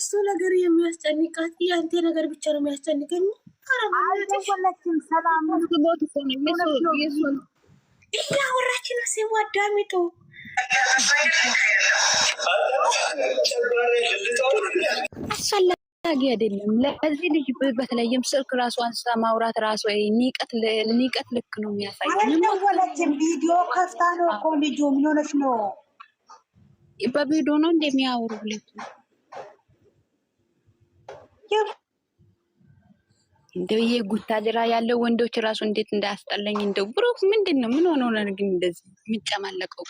የእሱ ነገር የሚያስጨንቃት ያንተ ነገር ብቻ ነው የሚያስጨንቀኝ። እያወራች ነው ሲሙ አዳሚጡ አስፈላጊ አይደለም። ለዚህ ልጅ በተለይም ስልክ ራሱ አንስታ ማውራት ራሱ ንቀት ልክ ነው የሚያሳይ። አልደወለችም፣ ቪዲዮ ከፍታ ነው እኮ ልጁ። ምን ሆነች ነው? በቪዲዮ ነው እንደሚያወሩ ሁለቱ እንደው ይሄ ጉታጅራ ያለው ወንዶች ራሱ እንዴት እንዳያስጠላኝ። እንደው ብሮ ምንድን ነው? ምን ሆኖ ነው ግን እንደዚህ የሚጨማለቀው?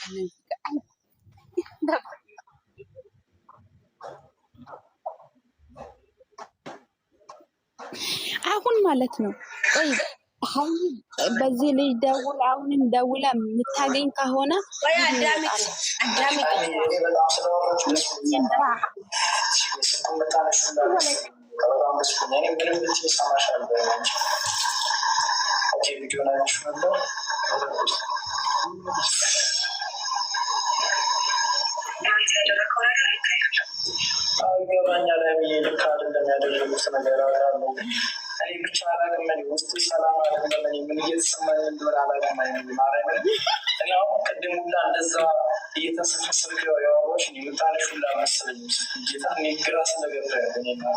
አሁን ማለት ነው። ቆይ አሁን በዚህ ልጅ ደውል፣ አሁንም ደውላ የምታገኝ ከሆነ አዳምጥ መስሎኝ እኔ ምንም ብት ሰማሽ አልበናቸ ኦኬ ቪዲዮ ናችሁ ነበር ገባኛ ላይ ልክ አይደለም ያደረጉት ነገር አሉ። እኔ ብቻ አላውቅም። እኔ ሰላም አይደለም። ምን እየተሰማኝ እንደሆነ አላውቅም። እኔ አሁን ቅድም ሁላ እንደዛ እየተሰፈሰፈ ያወራሁሽ እኔ ሁላ መሰለኝ ጌታ እኔ ግራ ስለገባ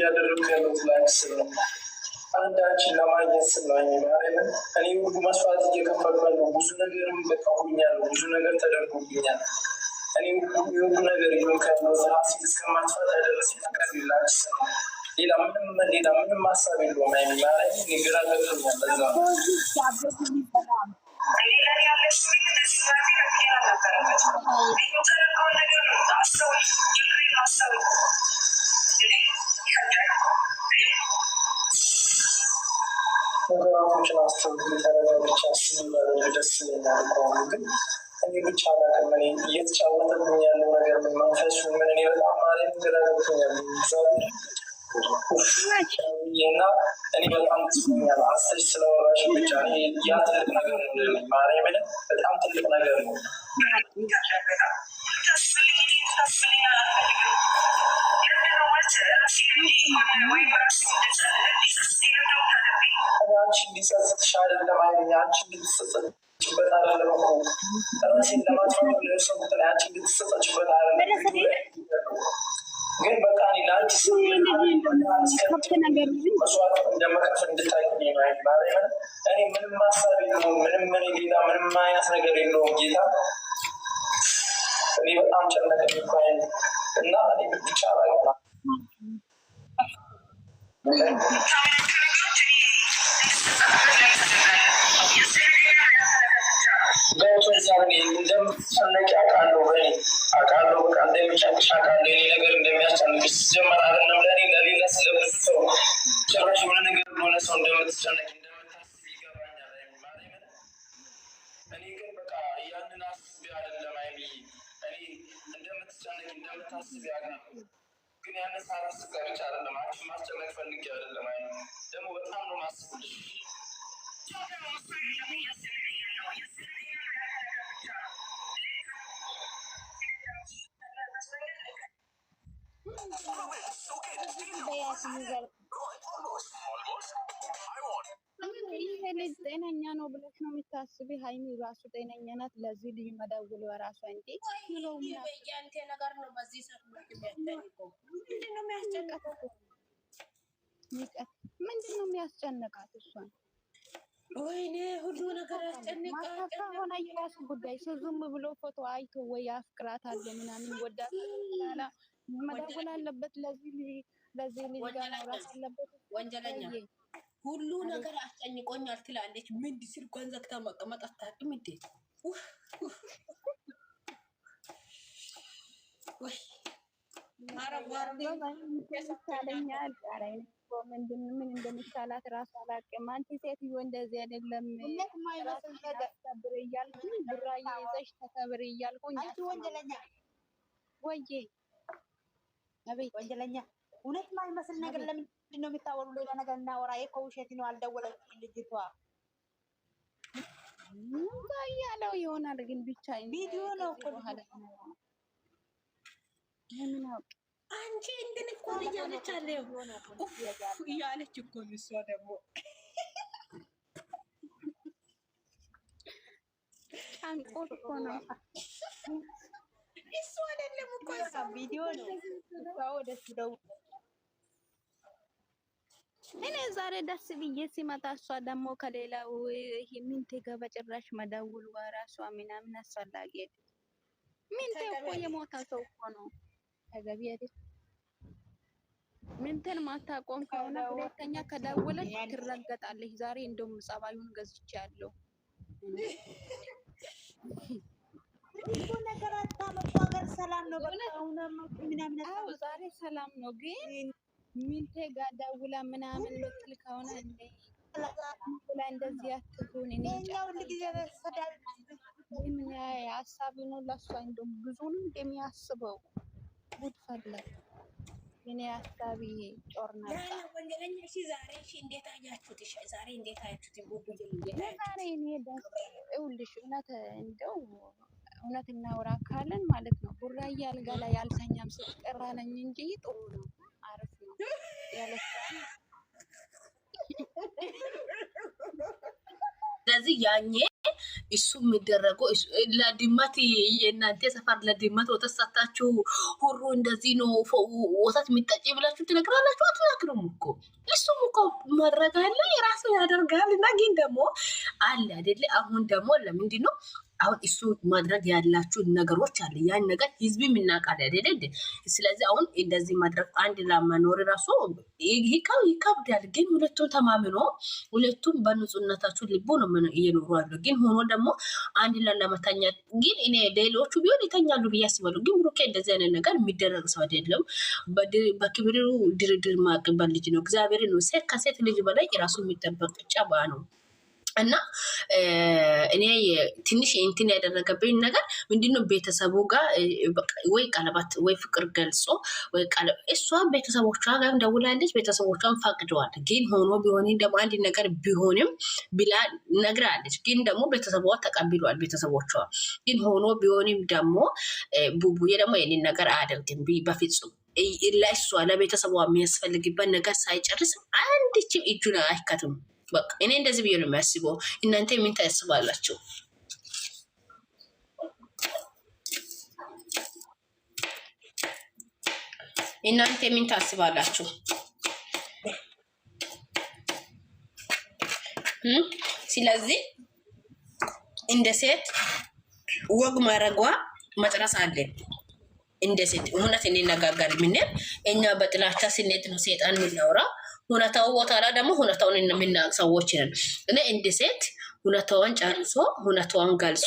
እያደረጉ ያሉት ለአንቺ ስል ነው። አንድ ለማግኘት ስል ነው። እኔ ሁሉ መስዋዕት እየከፈልኩ ያለው ብዙ ነገርም በቃ ብዙ ነገር ተደርጎብኛል። እኔ ሁሉ ነገር ይመካለው ራሴ እስከማጥፋት ያደረስ ፍቅር ለአንቺ ሌላ ምንም ሌላ ምንም ሀሳብ የለውም። አይ ማርያም ግራ ገብቶኛል። በዛ ነው ነገራቶችን አስተውል የተረጋግቻ ስሚበረዱ ደስ ይላል። ግን እኔ ብቻ አላውቅም። እኔ እየተጫወተብኝ ያለው ነገር ምን መንፈሱ ምን እኔ በጣም ማርያም ግራ ገብቶኛል። እና እኔ በጣም ስኛል አስር ስለወራሽ ብቻ ያ ትልቅ ነገር ነው። ማርያም በጣም ትልቅ ነገር ነው። በእግዚአብሔር እንደምትጨነቂ አውቃለሁ። በእኔ አውቃለሁ፣ በቃ እንደሚጨንቅሽ አውቃለሁ። የኔ ነገር እንደሚያስጨንቅሽ ሲጀመር አይደለም ለእኔ ለሌላ ስለብዙ ሰው ጭራሽ የሆነ ነገር ለሆነ ሰው እንደምትጨነቂ እንደምታስብ ይገባኛል። እኔ ግን በቃ ያንን አስቤ አይደለም አይሚ፣ እኔ እንደምትጨነቂ እንደምታስብ ያውቃለሁ። ግን ያንን ሳላስብ ቀርቼ አይደለም አንቺን ማስጨነቅ ፈልጌ አይደለም አይሚ፣ ደግሞ በጣም ነው ማስብልሽ ይህ ልጅ ጤነኛ ነው ብለሽ ነው የሚታስቢ? ሀይሚ ራሱ ጤነኛ ናት። ለዚህ ልጅ መደውል በራሷ እንጂ ምንድን ነው የሚያስጨንቃት እሷን? ወይኔ ሁሉ ነገር ያስጨንቃል። ሆነ የራሱ ጉዳይ ሰው ዝም ብሎ ፎቶ አይቶ ወይ አፍቅራት አለ ምናምን ወዳት መደወል አለበት። ለዚህ ለዚህ ልጅ ጋር አለበት። ወንጀለኛ ሁሉ ነገር አስጨንቆኛል ትላለች። ምንድ ስል ጓንዘግታ መቀመጥ አታውቅም እንዴ? ምን እንደሚቻላት ራሱ አላውቅም። አንቺ ሴትዮ እንደዚህ አይደለም ተከብር እያልኩኝ ብራ ይዘሽ ተከብር እያልኩኝ ወዬ ነብይ ወንጀለኛ እውነት ማይመስል ነገር ለምንድን ነው የሚታወሩ? ሌላ ነገር እናወራ። እኮ ውሸት ነው። አልደወለችም ልጅቷ ያለው ይሆናል፣ ግን ብቻ ቪዲዮ ነው እኮ አንቺ እንትን እኮ እያለች አለ እያለች እኮ እሷ ደግሞ ጫንቆ እኮ ነው እሱ አይደለም እኮ ቪዲዮ ነው። ወደ እሱ እኔ ዛሬ ደስ ብዬ ሲመጣ እሷ ደግሞ ከሌላው ምንቴ ጋር በጭራሽ መደውል ወራሷ ምናምን አስፈላጊ አይደለም። ምንቴ እኮ የሞታ ሰው እኮ ነው። ተገቢ አይደል? ምንቴን ማታቆም ከሆነ ሁለተኛ ከደወለች ትረገጣለች። ዛሬ እንደውም ጸባዩን ገዝቼ ያለው ዛሬ ሰላም ነው። ግን ሚንቴ ጋር ደውላ ምናምን ምትል ከሆነ ላይ እንደዚህ አትሁን። እኔ ሁልጊዜ ነው ለሷ እንደውም ብዙንም እንደሚያስበው ጉድ ፈለግ የኔ ሀሳብ ጦር ነበር። ዛሬ እንዴት አያችሁት? ይኸውልሽ እውነት እንደው እውነት እናውራ ካለን ማለት ነው። ቡራዬ አልጋ ላይ አልተኛም ስትጠራ ነኝ እንጂ ጥሩ ነው፣ አሪፍ ነው ያለች። ስለዚህ ያኔ እሱ የሚደረገው ለድመት የእናንተ ሰፈር ለድመት ወተት ሰታችሁ ሁሩ እንደዚህ ነው ወተት የሚጠጭ ብላችሁ ትነግራላችሁ። አትናግሩም እኮ እሱም እኮ ማድረግ አለ የራሱ ያደርጋል። እና ግን ደግሞ አለ አይደለ? አሁን ደግሞ ለምንድን ነው አሁን እሱ ማድረግ ያላችሁ ነገሮች አለ። ያን ነገር ህዝብ የምናቃል አይደል? ስለዚህ አሁን እንደዚህ ማድረግ አንድ ላመኖር ራሱ ይከብዳል። ግን ሁለቱም ተማምኖ ሁለቱም በንጹህነታችሁ ልቦ ነው እየኖሩ አሉ። ግን ሆኖ ደግሞ አንድ ላይ ለመተኛት ግን እኔ ሌሎቹ ቢሆን ይተኛሉ ብዬ አስባለሁ። ግን ብሩኬ እንደዚህ አይነት ነገር የሚደረግ ሰው አይደለም። በክብሩ ድርድር ማቅበል ልጅ ነው። እግዚአብሔር ነው ሴት ከሴት ልጅ በላይ ራሱ የሚጠበቅ ጨባ ነው። እና እኔ ትንሽ እንትን ያደረገብኝ ነገር ምንድነው ቤተሰቡ ጋር ወይ ቀለባት ወይ ፍቅር ገልጾ እሷ ቤተሰቦቿ ጋር ደውላለች። ቤተሰቦቿን ፈቅደዋል። ግን ሆኖ ቢሆን ደግሞ አንድ ነገር ቢሆንም ብላ ነግራለች። ግን ደግሞ ቤተሰቧ ተቀብሏል። ቤተሰቦቿ ግን ሆኖ ቢሆንም ደግሞ ቡቡዬ ደግሞ የኔን ነገር አያደርግም በፍጹም ለእሷ ለቤተሰቧ የሚያስፈልግበት ነገር ሳይጨርስ አንድችም እጁን አይከትም። በቃ እኔ እንደዚህ ብዬ ነው የሚያስበው። እናንተ ምን ታስባላችሁ? እናንተ ምን ታስባላችሁ? ስለዚህ እንደ ሴት ወግ ማድረጓ መጥረስ አለን። እንደ ሴት እውነት እንነጋገር ምንል እኛ በጥላቻ ስሜት ነው ሴጣን የምናወራው ሁነታው ቦታ ላይ ደግሞ ሁነታውን የምናቅ ሰዎች ነን። እኔ እንድ ሴት ሁነታውን ጨርሶ ሁነታውን ገልጾ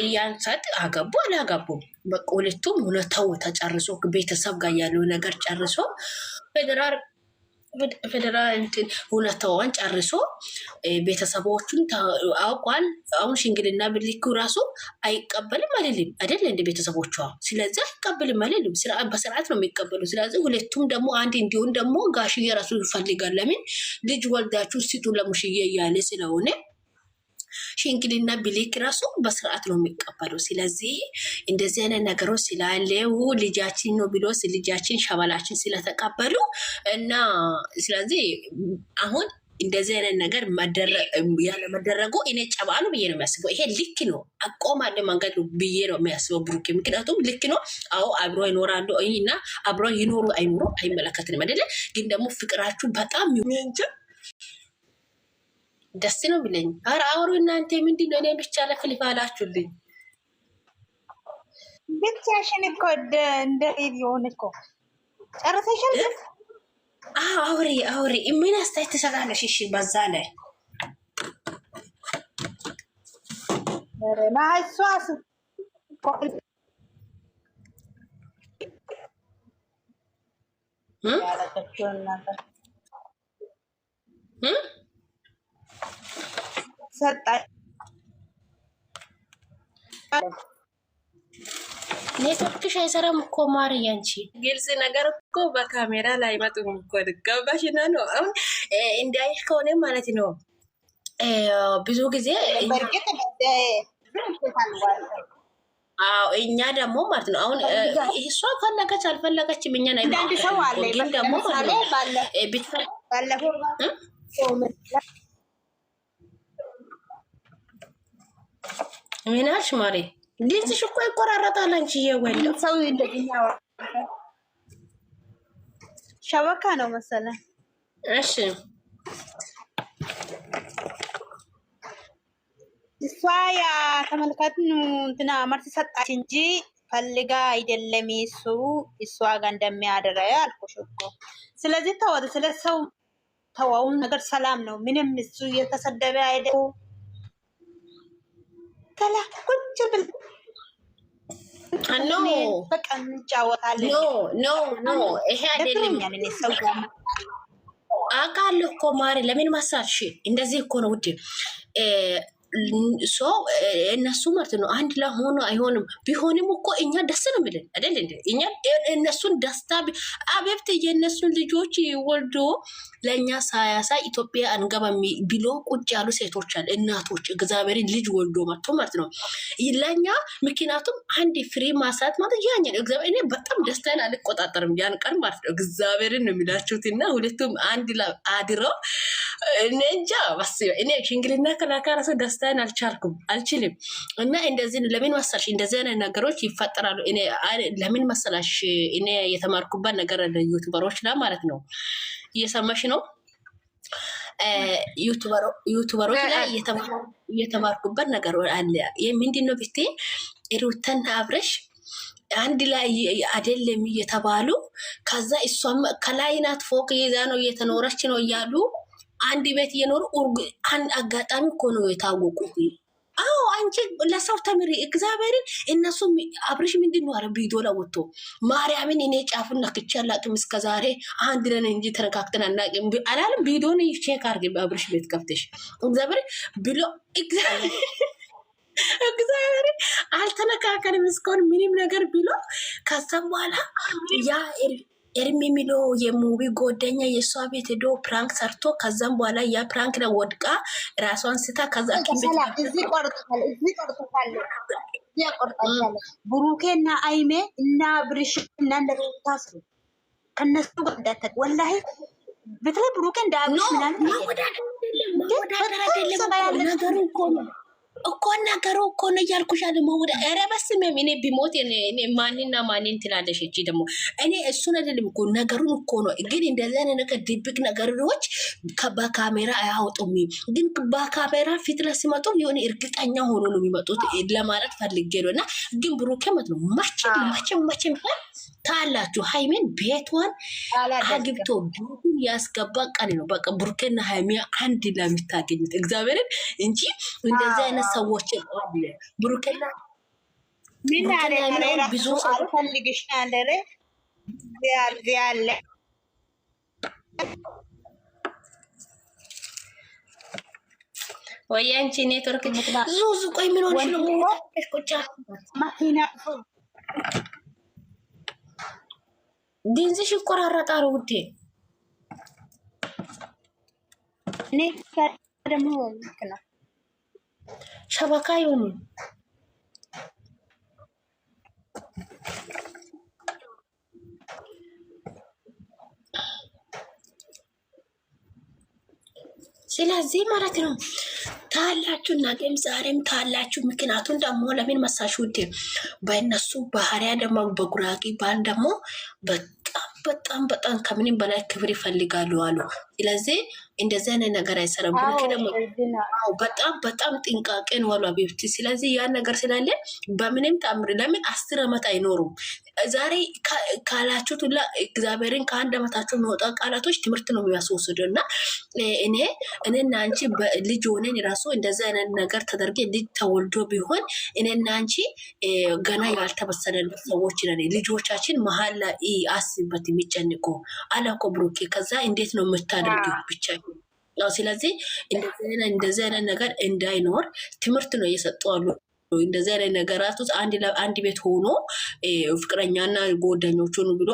እያንሰጥ አገቡ አላገቡም በቁልቱም ሁነታው ተጨርሶ ቤተሰብ ጋር ያለው ነገር ጨርሶ ፌደራል ፌደራል እንትን ሁለተዋን ጨርሶ ቤተሰቦቹን አውቋል። አሁን ሽንግልና ብልኩ ራሱ አይቀበልም አይደለም አደለ እንደ ቤተሰቦቿ ስለዚህ አይቀበልም አይደለም። በስርዓት ነው የሚቀበሉ። ስለዚህ ሁለቱም ደግሞ አንድ እንዲሁን ደግሞ ጋሽዬ ራሱ ይፈልጋል። ለምን ልጅ ወልዳችሁ ስጡ ለሙሽዬ እያለ ስለሆነ ሽንግልና ብልክ ራሱ በስርዓት ነው የሚቀበለው። ስለዚህ እንደዚህ አይነት ነገሮች ስላለው ልጃችን ነው ብሎ ልጃችን ሸበላችን ስለተቀበሉ እና ስለዚህ አሁን እንደዚህ አይነት ነገር ያለመደረጉ እኔ ጨባ ነው ብዬ ነው የሚያስበው። ይሄ ልክ ነው አቆማለ መንገድ ነው ብዬ ነው የሚያስበው ብሩኬ። ምክንያቱም ልክ ነው። አዎ አብሮ ይኖራሉ እና አብሮ ይኖሩ አይኖሩ አይመለከትንም አይደለ። ግን ደግሞ ፍቅራችሁ በጣም ደስ ነው ብለኝ። ኧረ አውሩ እናንተ ምንድን ነው? እኔ ብቻ ለክሊፍ አላችሁልኝ። ብቻሽን እኮ እንደ ሬዲዮን እኮ ጨርሰሻል። አውሪ አውሪ። ምን አስተያየት ትሰጣለሽ? እሺ በዛ ላይ ማሷስ እ ሰጣኝ። ኔትወርክሽ አይሰራም እኮ ማር፣ ያንቺ ግልጽ ነገር እኮ በካሜራ ላይ መጡም እኮ ገባሽና ነው። አሁን እንዳይሽ ከሆነ ማለት ነው ብዙ ጊዜ አዎ እኛ ደግሞ ማለት ነው አሁን እሷ ፈለገች አልፈለገችም እኛ ና ግን ደግሞ ባለፈው ምን አልሽ ማሬ? ሊዝሽ እኮ ይቆራረጣል። አንቺ የወለ ሰው ይደኛ ሸበካ ነው መሰለ። እሺ እሷ ያ ተመልካትን እንትና መርስ ሰጣች እንጂ ፈልጋ አይደለም እሱ እሷ ጋር እንደሚያደረ አልኩሽ እኮ። ስለዚህ ተወው፣ ስለ ሰው ተወውን ነገር ሰላም ነው። ምንም እሱ እየተሰደበ አይደለም ከላ ቁጭ ብል ኖ በቃ እንጫወታለን። ኖ ኖ ይሄ አይደለም አውቃለሁ እኮ ማሪ፣ ለምን ማሳልሽ? እንደዚህ እኮ ነው ውድ ሶ እነሱ ማለት ነው አንድ ላይ ሆኖ አይሆንም። ቢሆንም እኮ እኛ ደስ ነው የሚልን አይደል? እኛ እነሱን ደስታ አበብት የእነሱን ልጆች ወልዶ ለእኛ ሳያሳይ ኢትዮጵያ አንገባም ብሎ ቁጭ ያሉ ሴቶች አለ እናቶች እግዚአብሔርን ልጅ ወልዶ መጥቶ ማለት ነው ለእኛ ምክንያቱም አንድ ፍሬ ማሳት ማለት ያኛ እግዚአብሔር እኔ በጣም ደስታን አልቆጣጠርም ያን ቀን ማለት ነው እግዚአብሔርን ነው የሚላችሁት እና ሁለቱም አንድ አድረው እንጃ እኔ ሽንግልና ደስታን አልቻልኩም አልችልም። እና እንደዚህ ለምን መሰልሽ እንደዚህ አይነት ነገሮች ይፈጠራሉ። ለምን መሰላሽ እኔ የተማርኩባት ነገር ዩቱበሮች ማለት ነው። እየሰማሽ ነው። ዩቱበሮች ላይ የተማርኩበት ነገር አለ። ብቴ አብረሽ አንድ ላይ አይደለም እየተባሉ ከዛ እሷም ከላይናት ፎቅ ይዛ ነው እየተኖረች ነው እያሉ አንድ ቤት እየኖሩ አንድ አጋጣሚ እኮ ነው የታወቁ። አዎ አንቺ ለሰው ተምሪ እግዚአብሔርን። እነሱ አብርሽ ምንድን ነው አረ ቪዲዮ ወጥቶ ማርያምን እኔ ጫፉን ነክቼ አላቅም እስከዛሬ አንድ ነን እንጂ ተነካክተን አናቅም አላለም። ቪዲዮን ቼክ አርግ አብርሽ ቤት ከፍተሽ እግዚአብሔር ብሎ እግዚአብሔር አልተነካከንም እስካሁን ምንም ነገር ብሎ ከዛ በኋላ ያ ኤርሚ የሚለው የሙቢ ጎደኛ የእሷ ቤት ሄዶ ፕራንክ ሰርቶ ከዛም በኋላ ያ ፕራንክ ነው ወድቃ ራሷን ስታ ከዛ ብሩኬና አይሜ እና ብርሽ እና ከነሱ ጋር እንዳታቅ ወላሂ በተለይ ብሩኬ እንዳብሽ ምናምን ነገሩ እኮ ነው እኮ አናገረው እኮ ነው እያልኩሽ አለ መውደ ኧረ በስመም እኔ ቢሞት ማንና ማንን ትላለሽ? እቺ ደግሞ እኔ እሱን አይደለም እኮ ነገሩን እኮ ነው። ግን እንደዚህ አይነት ነገር ድብቅ ነገሮች በካሜራ አያወጡም። ግን በካሜራ ፊት ላይ ሲመጡ የሆነ እርግጠኛ ሆኖ ነው የሚመጡት ለማለት ፈልጌ ነው። እና ግን ብሩኬ መት ነው መቼም መቼም መቼም ታላችሁ ሃይሜን ቤቷን አግብቶ ቤቱን ያስገባ ቀን ነው። በቃ ቡርኬና ሃይሜ አንድ ላይ የሚታገኙት እግዚአብሔርን እንጂ እንደዚህ አይነት ሰዎች አለ ቡርኬና ምን አለ ብዙ አልፈልግሻለሁ ያለ ወይ አንቺ ኔትወርክ ዙዙ ቆይ ምን ሆነሽ ነው? ቁጫ ማኪና ዲንዝሽ ይቆራረጣል ውዴ። እኔ ደግሞ ልክ ነው ሸበካ ይሁኑ ስለዚህ ማለት ነው ታላችሁ ነገም ዛሬም ታላችሁ። ምክንያቱም ደግሞ ለምን መሳሽ ውድ በእነሱ ባህሪያ ደግሞ በጉራጌ ባል ደግሞ በጣም በጣም ከምንም በላይ ክብር ይፈልጋሉ አሉ። ስለዚህ እንደዚህ አይነት ነገር አይሰራም። በጣም በጣም ጥንቃቄን ዋሉ አቤብቲ። ስለዚህ ያን ነገር ስላለ በምንም ተአምር ለምን አስር አመት አይኖሩም ዛሬ ካላችሁት ሁላ እግዚአብሔርን ከአንድ አመታችሁ የሚወጣ ቃላቶች ትምህርት ነው የሚያስወስዱ እና እኔ እኔና አንቺ ልጅ ሆነን ራሱ እንደዚ አይነት ነገር ተደርገ ልጅ ተወልዶ ቢሆን እኔና አንቺ ገና ያልተበሰለን ሰዎች ነን። ልጆቻችን መሀል ላይ አስበት የሚጨንቁ አላኮ ብሩኬ፣ ከዛ እንዴት ነው የምታደርገው ብቻ ስለዚህ እንደዚህ አይነት ነገር እንዳይኖር ትምህርት ነው እየሰጡ አሉ። እንደዚህ አይነት ውስጥ አንድ ቤት ሆኖ ፍቅረኛና ጓደኞቹን ብሎ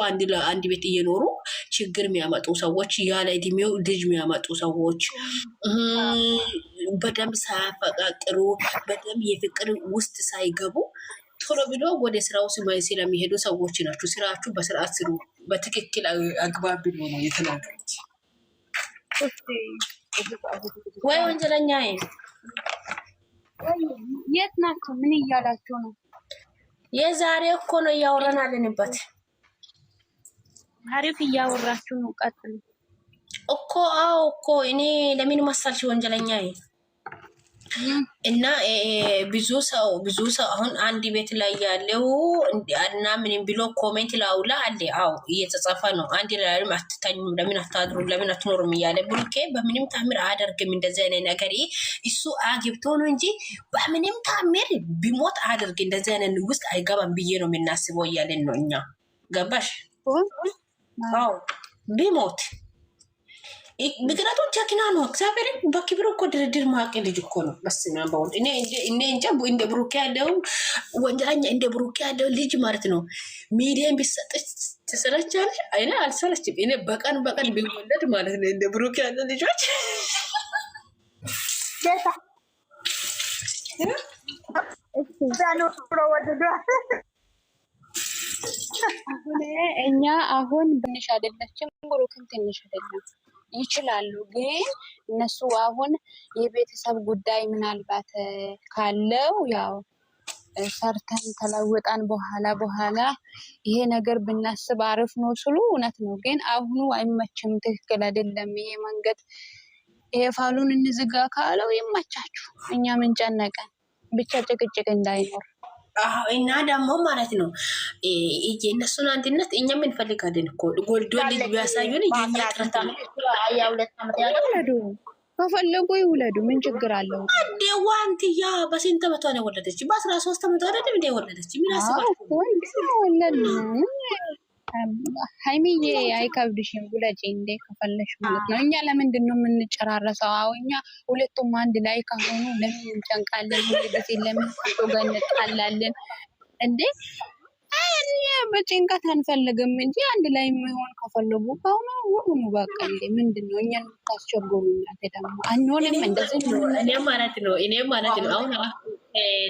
አንድ ቤት እየኖሩ ችግር የሚያመጡ ሰዎች፣ ያለ እድሜው ልጅ የሚያመጡ ሰዎች፣ በደንብ ሳያፈቃቅሩ በደንብ የፍቅር ውስጥ ሳይገቡ ቶሎ ብሎ ወደ ስራው ስለሚሄዱ ሰዎች ናቸው። ስራችሁ በስርዓት ስሩ፣ በትክክል አግባብ ብሎ ነው የተናገሩት ወይ ወንጀለኛ የት ናቸው? ምን እያላቸው ነው? የዛሬ እኮ ነው እያወራን አለንበት። አሪፍ እያወራችሁ ነው። ቀጥሉ እኮ። አዎ እኮ እኔ ለምን መሳልሽ ወንጀለኛ እና ብዙ ሰው ብዙ ሰው አሁን አንድ ቤት ላይ ያለው እና ምንም ብሎ ኮሜንት ላውላ አለ። አዎ እየተጻፈ ነው። አንድ ላይ አትተኙም፣ ለምን አታድሩ፣ ለምን አትኖሩም እያለ ብሩኬ በምንም ታምር አደርግም እንደዚህ አይነት ነገር። እሱ አግብቶ ነው እንጂ በምንም ታምር ቢሞት አደርግ እንደዚህ አይነት ውስጥ አይገባም ብዬ ነው የምናስበው እያለን ነው እኛ ገባሽ? አዎ ቢሞት ምክንያቱም ጀግና ነው። እግዚአብሔርን በክብሩ እኮ ድርድር ማቅ ልጅ እኮ ነው። በስመ አብ በወልድ እኔ እንጃ። እንደ ብሩክ ያለው ወንጀለኛ እንደ ብሩክ ያለው ልጅ ማለት ነው። ሚዲያን ቢሰጠች ትሰለቻለች። እኔ አልሰለችም። እኔ በቀን በቀን ቢወለድ ማለት ነው እንደ ብሩክ ያለ ልጆች እኛ አሁን ትንሽ አይደለችም፣ ብሩክን ትንሽ አይደለም። ይችላሉ። ግን እነሱ አሁን የቤተሰብ ጉዳይ ምናልባት ካለው ያው ሰርተን ተለውጠን በኋላ በኋላ ይሄ ነገር ብናስብ አሪፍ ነው ስሉ እውነት ነው። ግን አሁኑ አይመችም፣ ትክክል አይደለም ይሄ መንገድ። ይሄ ፋሉን እንዝጋ ካለው ይመቻችሁ፣ እኛ ምን ጨነቀን? ብቻ ጭቅጭቅ እንዳይኖር እና ደግሞ ማለት ነው የእነሱን አንድነት እኛም እንፈልጋለን እኮ ጎልዶ ልጅ ቢያሳዩን የኛ ጥረት ከፈለጉ ይውለዱ። ምን ችግር አለው? አንዴ ዋንትያ በስንት ዓመቷ ነው የወለደች? በአስራ ሶስት ዓመቷ አይደለም እንደ የወለደች ምን አስባል ሀይሚዬ አይከብድሽም፣ ውለጪ እንዴ ከፈለሽ ማለት ነው። እኛ ለምንድን ነው የምንጨራረሰው? አዎ እኛ ሁለቱም አንድ ላይ ከሆኑ ለምን እንጨንቃለን? ሁሉ ጊዜ ለምን ጋር እንጣላለን እንዴ? በጭንቀት አንፈልግም እንጂ አንድ ላይ የሚሆን ከፈለጉ ከሆነ ሁሉም በቃ እንዴ ምንድን ነው እኛን ታስቸግሩናት ደግሞ አንሆንም። እንደዚህ ነው እኔም ማለት ነው እኔም ማለት ነው አሁን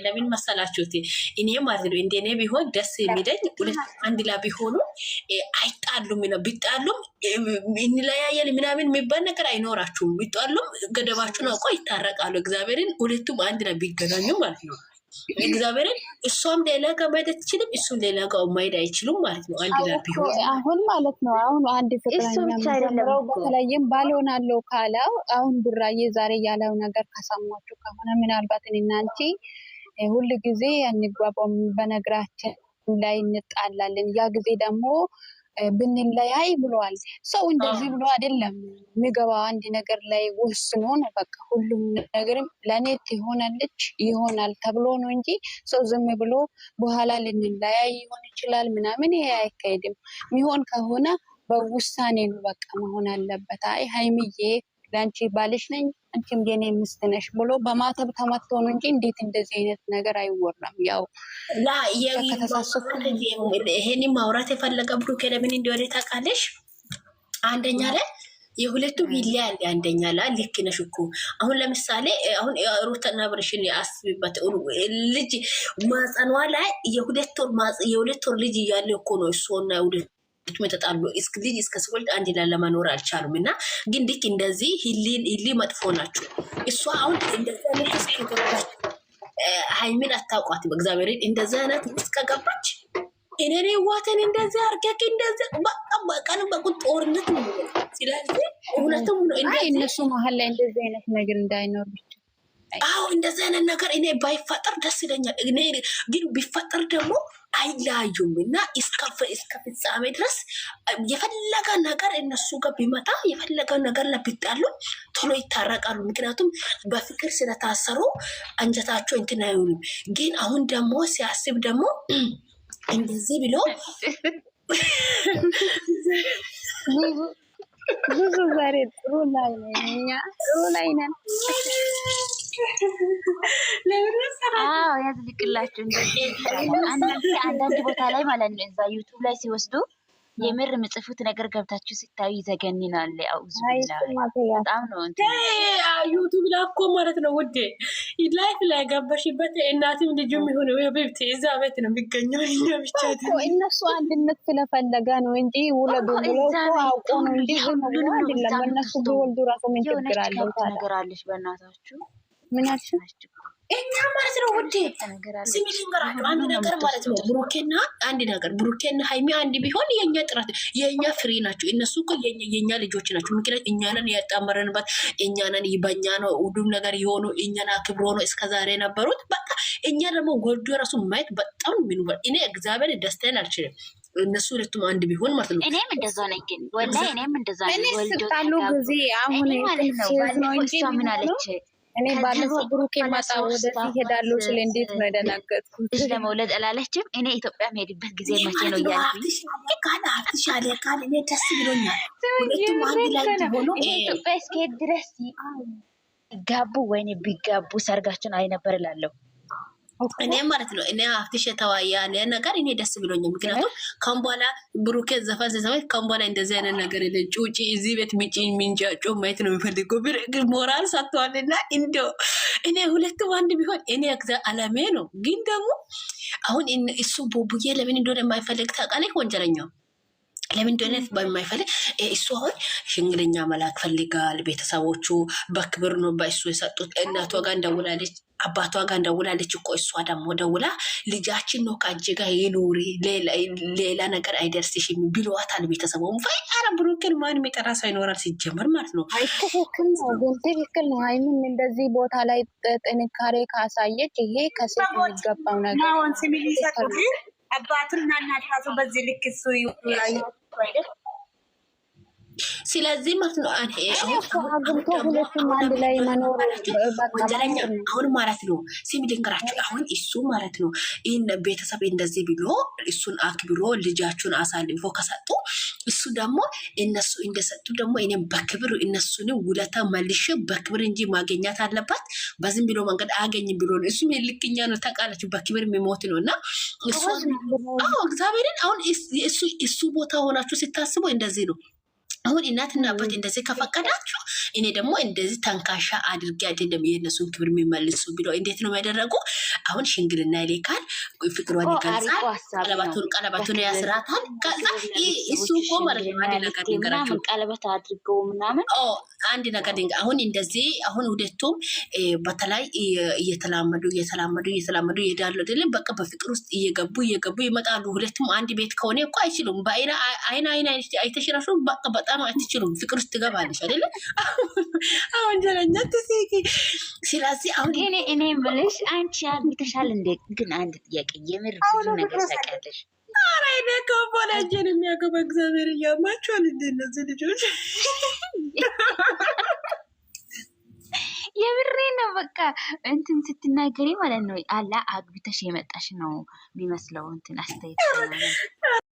ለምን መሰላችሁት? እኔ ማለት ነው እንደኔ ቢሆን ደስ የሚለኝ አንድ ላይ ቢሆኑ አይጣሉም ነው። ቢጣሉም እንለያየን ምናምን የሚባል ነገር አይኖራችሁም። ቢጣሉም ገደባችሁን አውቆ ይታረቃሉ። እግዚአብሔርን ሁለቱም አንድ ላይ ቢገናኙ ማለት ነው። እግዚአብሔርን እሷም ሌላ ጋር ማሄድ አትችልም፣ እሱም ሌላ ጋር ማሄድ አይችሉም ማለት ነው። አንድ ጋር ቢሆን አሁን ማለት ነው። አሁን አንድ ፍቅረኛው በተለይም ባልሆን አለው ካለው አሁን ቡራዬ ዛሬ ያለው ነገር ከሰማችሁ ከሆነ ምናልባት እኔና አንቺ ሁል ጊዜ አንግባባም፣ በነገራችን ላይ እንጣላለን። ያ ጊዜ ደግሞ ብንለያይ ብለዋል። ሰው እንደዚህ ብሎ አይደለም የሚገባ አንድ ነገር ላይ ወስኖ ነው በቃ ሁሉም ነገርም ለእኔ ትሆናለች ይሆናል ተብሎ ነው እንጂ ሰው ዝም ብሎ በኋላ ልንለያይ ይሆን ይችላል ምናምን ይሄ አይካሄድም። ሚሆን ከሆነ በውሳኔ ነው በቃ መሆን አለበት። አይ ሀይምዬ የአንቺ ባልሽ ነኝ አንቺም የኔ ሚስት ነሽ ብሎ በማተብ ተመትቶ ነው እንጂ እንዴት እንደዚህ አይነት ነገር አይወራም። ያው ይሄን ማውራት የፈለገ ብሩኬ ለምን እንደሆነ ታውቃለሽ? አንደኛ ላይ የሁለቱ ይለያል። አንደኛ ላ ልክ ነሽ እኮ አሁን ለምሳሌ አሁን ሩትና ብርሽን አስቢበት። ልጅ ማጸኗ ላይ የሁለት ወር ልጅ እያለ እኮ ነው እሱና ሁለት ይመጠጣሉ ልጅ እስከ ስወልድ አንድ ላይ ለመኖር አልቻሉም። እና ግን ልክ እንደዚህ ህሊ መጥፎ ናቸው። እሷ አሁን እንደዚህ አይነት ውስጥ ከገባች ሀይሚን አታውቋትም። እግዚአብሔር እንደዚህ አይነት ውስጥ ከገባች እኔኔ ዋተን እንደዚህ አርገክ እንደዚህ ቀን በቁን ጦርነት ነው። ስለዚህ እውነትም እነሱ መሀል ላይ እንደዚህ አይነት ነገር እንዳይኖር ብቻ አዎ እንደዚህ አይነት ነገር እኔ ባይፈጠር ደስ ይለኛል። እኔ ግን ቢፈጠር ደግሞ አይለያዩም እና እስከ ፍጻሜ ድረስ የፈለገ ነገር እነሱ ጋር ቢመጣ የፈለገ ነገር ለብጣሉ ቶሎ ይታረቃሉ። ምክንያቱም በፍቅር ስለታሰሩ አንጀታቸው እንትን አይሆኑም። ግን አሁን ደግሞ ሲያስብ ደግሞ እንደዚህ ብሎ ብዙ ዛሬ ጥሩ ላይ ነን፣ እኛ ጥሩ ላይ ነን። አዎ ያዝልቅላችሁ። አንዳንድ ቦታ ላይ ማለት ነው እዛ ዩቱብ ላይ ሲወስዱ የምር ምጽፉት ነገር ገብታችሁ ሲታዩ ይዘገንናል። አውዙ በጣም ነው ዩቱብ ላኮ ማለት ነው ውዴ፣ ላይፍ ላይ ገባሽበት እናትም ልጁም የሆነ ቤብቴ እዛ ቤት ነው የሚገኘው። ብቻ እነሱ አንድነት ስለፈለገ ነው እንጂ ውለዱ አውቆ ነው እንጂ ራሱ ምን ነገር አለሽ በእናታችሁ ምን እኛ ማለት ነው ውዴ፣ ስሚ ልንገራችሁ አንድ ነገር ማለት ነው። ብሩኬና አንድ ነገር ብሩኬና ሀይሚ አንድ ቢሆን የእኛ ጥረት የእኛ ፍሬ ናቸው። እነሱ እኮ የእኛ ልጆች ናቸው። ምክንያት እኛንን ያጣመረንበት እኛንን ይበኛ ነው ሁሉም ነገር የሆኑ እኛን አክብሮ ነው እስከዛሬ የነበሩት። በቃ እኛ ደግሞ ጎልዶ ራሱ ማየት በጣም የሚንበር እኔ እግዚአብሔር ደስታን አልችልም። እነሱ ሁለቱም አንድ ቢሆን ማለት ነው። እኔም እንደዛ ነኝ፣ ግን ወላሂ እኔም እንደዛ ነኝ። ወልዶ ጊዜ አሁን ማለት ነው። ምን አለች? እኔ ባለፈው ብሩክ ማጣ ወደዚህ እሄዳለሁ ስለ እንዴት ነው የደነገጥኩት? ለመውለድ እላለችም እኔ ኢትዮጵያ መሄድበት ጊዜ መቼ ነው እያልኩኝ ኢትዮጵያ እስከሄድ ድረስ ቢጋቡ ወይኔ ቢጋቡ ሰርጋችን አይ እላለሁ። እኔ ማለት ነው እኔ ሀፍትሽ የተዋያ ነገር እኔ ደስ ብሎኛል። ምክንያቱም ከም በኋላ ብሩኬት ዘፈን ሲዘፈን ከም በኋላ እንደዚህ አይነት ነገር የለ ጩጭ እዚህ ቤት ሚጭ ሚንጫጮ ማየት ነው የሚፈልገው ሞራል ሳተዋል ሰጥተዋልና እንደው እኔ ሁለቱም አንድ ቢሆን እኔ ግዛ አለሜ ነው። ግን ደግሞ አሁን እሱ ቡቡዬ ለምን እንደሆነ የማይፈልግ ታውቃለህ ወንጀለኛው ለምን በማይፈልግ እሱ አሁን ሽንግልኛ መላክ ፈልጋል። ቤተሰቦቹ በክብር ነው በእሱ የሰጡት። እናቷ ጋር እንደውላለች፣ አባቷ ጋር እንደውላለች እኮ እሷ ደግሞ ደውላ ልጃችን ነው ከአንቺ ጋር ይኑሪ፣ ሌላ ነገር አይደርስሽም ብሏታል። ቤተሰቡ ፋይ አረ ብሩክን ማንም የጠራ ሰው ይኖራል ሲጀምር ማለት ነው። ትክክል ነው፣ ግን ትክክል ነው። ሀይሚም እንደዚህ ቦታ ላይ ጥንካሬ ካሳየች ይሄ ከሴት የሚገባው ነገር አባትና እናታቱ በዚህ ልክ እሱ ስለዚህ ማለት ነው ወንጀለኛ አሁን ማለት ነው ሲሚ ድንገራችሁ አሁን እሱ ማለት ነው ይህን ቤተሰብ እንደዚህ ብሎ እሱን አክብሮ ልጃችሁን አሳልፎ ከሰጡ እሱ ደግሞ እነሱ እንደሰጡ ደግሞ እኔም በክብር እነሱን ውለታ መልሽ በክብር እንጂ ማገኛት አለባት። በዝም ብሎ መንገድ አያገኝም ብሎ ነው። እሱም ልክኛ ነው ተቃላችሁ። በክብር የሚሞት ነው እና እሱ እግዚአብሔርን አሁን እሱ ቦታ ሆናችሁ ስታስቡ እንደዚህ ነው። አሁን እናትና አባት እንደዚህ ከፈቀዳችሁ እኔ ደግሞ እንደዚህ ተንካሻ አድርጌ አይደለም የእነሱን ክብር የሚመልሱ ብሎ እንዴት ነው የሚያደረጉ? አሁን ሽንግልና ይልካል፣ ፍቅሯን ይገልጻል፣ ቀለበቱን ያስራታል። ከዛ እሱ እኮ አንድ ነገር ንገራቸው፣ ቀለበት አድርገው ምናምን አንድ ነገር ንገ አሁን እንደዚህ አሁን ሁለቱም በተለይ እየተላመዱ እየተላመዱ እየተላመዱ ይሄዳሉ አይደለም። በቃ በፍቅር ውስጥ እየገቡ እየገቡ ይመጣሉ። ሁለቱም አንድ ቤት ከሆነ እኮ አይችሉም። በአይና አይን አይና አይተሽራሹ በቃ በጣም መቃም አትችሉም። ፍቅር ውስጥ ትገባለች አይደለ? አሁን ጀለኛ ትሴቂ ስለዚህ አሁን እኔ እኔ ምልሽ አንቺ አግኝተሻል እንዴ? ግን አንድ ጥያቄ የምር ብዙ ነገር ሰቀልሽ አራይ እኔ ከቦላጀን የሚያገባ እግዚአብሔር እያማቸዋል እንዴ እነዚህ ልጆች የምሬ ነው። በቃ እንትን ስትናገሪ ማለት ነው አላ አግብተሽ የመጣሽ ነው የሚመስለው እንትን አስተያየት